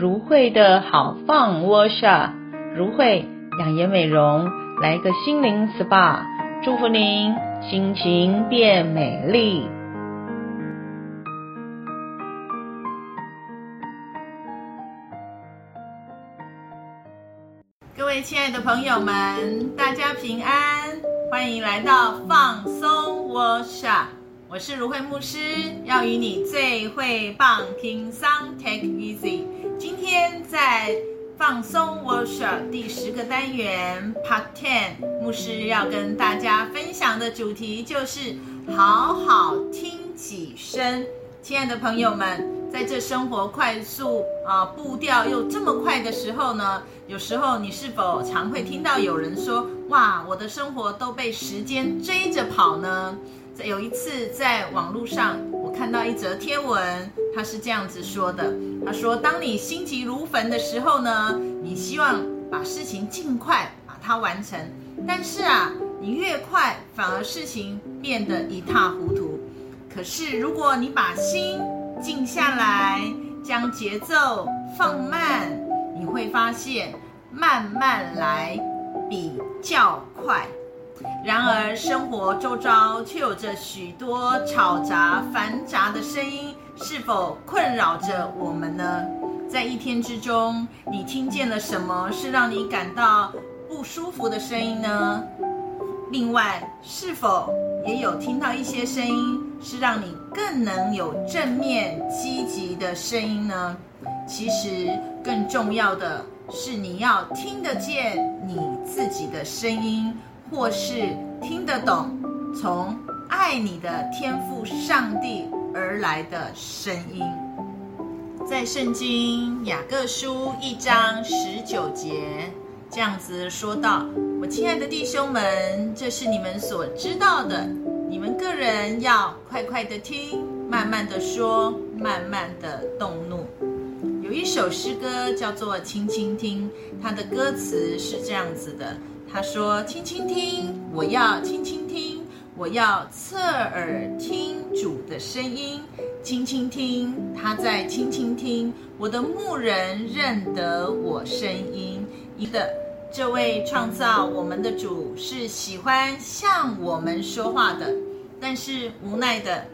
蘆薈的好 Fun workshop，蘆薈養顏美容，來個心靈 SPA，祝福您心情變美麗。各位親愛的朋友們，大家平安，歡迎來到放鬆 workshop，我是如慧牧師，要與你最會棒 King 桑 take easy。今天在放鬆 workshop 第十個單元 part ten，牧師要跟大家分享的主題就是好好聽幾聲。親愛的朋友們，在這生活快速啊步調又這麼快的時候呢，有時候你是否常會聽到有人說：“哇，我的生活都被時間追着跑呢？”在有一次在網絡上。看到一則貼文，他是這樣子說的：他說，當你心急如焚的時候呢，你希望把事情盡快把它完成，但是啊，你越快，反而事情變得一塌糊塗。可是，如果你把心靜下來，將節奏放慢，你會發現，慢慢來比較快。而生活周遭卻有着許多吵雜繁雜的聲音，是否困擾着我們呢？在一天之中，你聽見了什麼是讓你感到不舒服的聲音呢？另外，是否也有聽到一些聲音是讓你更能有正面積極的聲音呢？其實，更重要的是你要聽得見你自己的聲音。或是聽得懂從愛你的天父上帝而來的聲音，在聖經雅各書一章十九節這樣子說道，我親愛的弟兄們，這是你們所知道的，你們各人要快快的聽，慢慢的說，慢慢的動怒。”有一首詩歌叫做《輕輕聽》，它的歌詞是這樣子的。他說：“輕輕聽，我要輕輕聽，我要側耳聽主的聲音。輕輕聽，他在輕輕聽。我的牧人認得我聲音。是的，這位創造我們的主是喜歡向我們說話的，但是無奈的，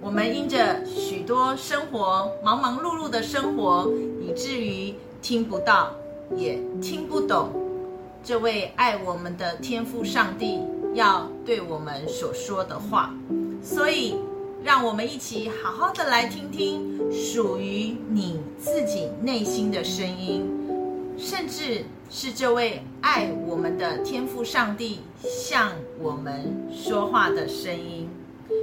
我們因着許多生活忙忙碌碌的生活，以至於聽不到，也聽不懂。”這位愛我們的天父上帝要對我們所說的話，所以讓我們一起好好的來聽聽屬於你自己內心的聲音，甚至是這位愛我們的天父上帝向我們說話的聲音，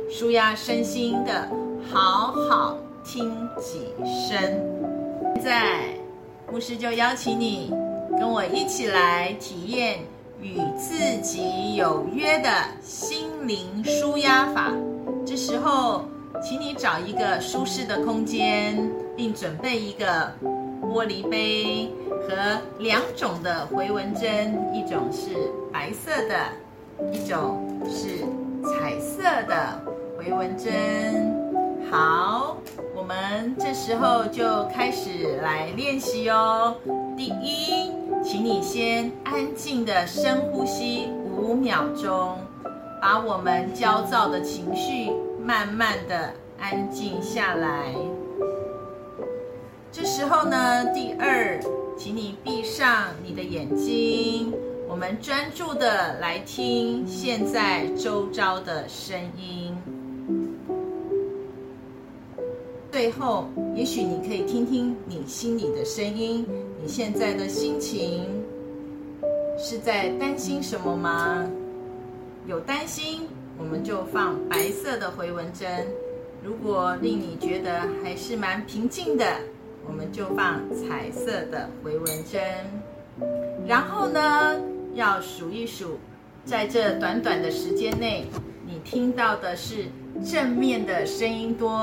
舒壓身心的好好聽幾聲。現在，牧師就邀請你。跟我一起來體驗與自己有約的心靈舒壓法。這時候，請你找一個舒適的空間，並準備一個玻璃杯和兩種的回紋針，一種是白色的，一種是彩色的回紋針。好，我們這時候就開始來練習哦。第一，請你先安靜的深呼吸五秒鐘，把我們焦躁的情緒慢慢的安靜下來。這時候呢，第二，請你閉上你的眼睛，我們專注的來聽現在周遭的聲音。最後，也許你可以聽聽你心裡的聲音。你現在的心情是在擔心什麼嗎？有擔心，我們就放白色的迴紋針；如果令你覺得還是蠻平靜的，我們就放彩色的迴紋針。然後呢，要數一數，在這短短的時間內，你聽到的是正面的聲音多，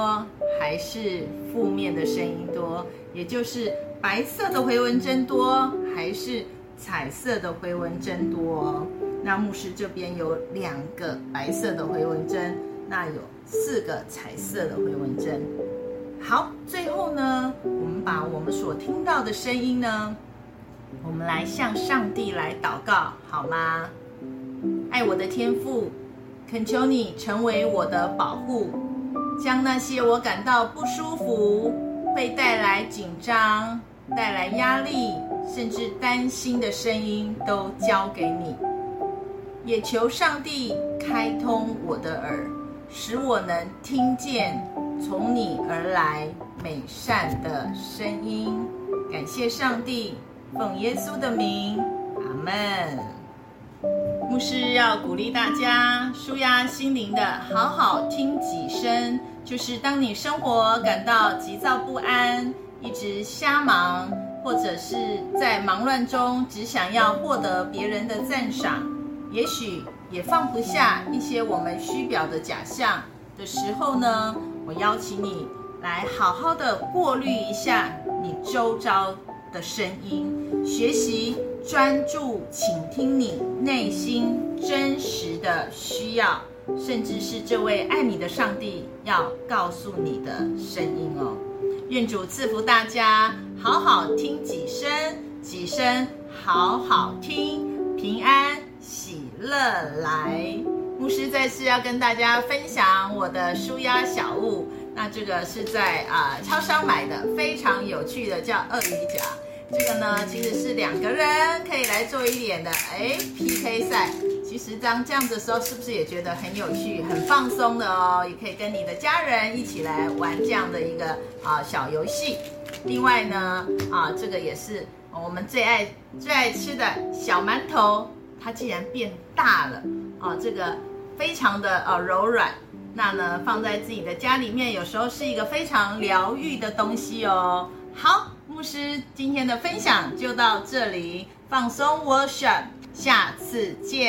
還是負面的聲音多？也就是。白色的回紋針多還是彩色的回紋針多？那牧師這邊有兩個白色的回紋針，那有四個彩色的回紋針。好，最後呢，我們把我們所聽到的聲音呢，我們來向上帝來禱告，好嗎？愛我的天父，懇求你成為我的保護，將那些我感到不舒服、會帶來緊張。帶來壓力甚至擔心的聲音都交給你，也求上帝開通我的耳，使我能聽見從你而來美善的聲音。感謝上帝，奉耶穌的名，阿門。牧師要鼓勵大家舒壓心靈的，好好聽幾聲，就是當你生活感到急躁不安。一直瞎忙，或者是在忙亂中只想要獲得別人的讚賞，也許也放不下一些我們虛表的假象的時候呢？我邀請你來好好的過濾一下你周遭的聲音，學習專注傾聽你內心真實的需要，甚至是這位愛你的上帝要告訴你的聲音哦。願主賜福大家，好好聽幾聲，幾聲好好聽，平安喜樂來。牧師再次要跟大家分享我的舒壓小物，那這個是在啊、呃、超商買的，非常有趣的叫鱷魚夾。這個呢，其實是兩個人可以來做一點的，哎 PK 賽。第十張這樣子的時候，是不是也覺得很有趣，很放鬆的哦？也可以跟你的家人一起來玩這樣的一個啊小遊戲。另外呢，啊，這個也是我們最愛最愛吃的小饅頭，它竟然變大了啊！這個非常的啊柔軟，那呢放在自己的家裡面，有時候是一個非常療癒的東西哦。好，牧師今天的分享就到這裡，放鬆 workshop。下次見。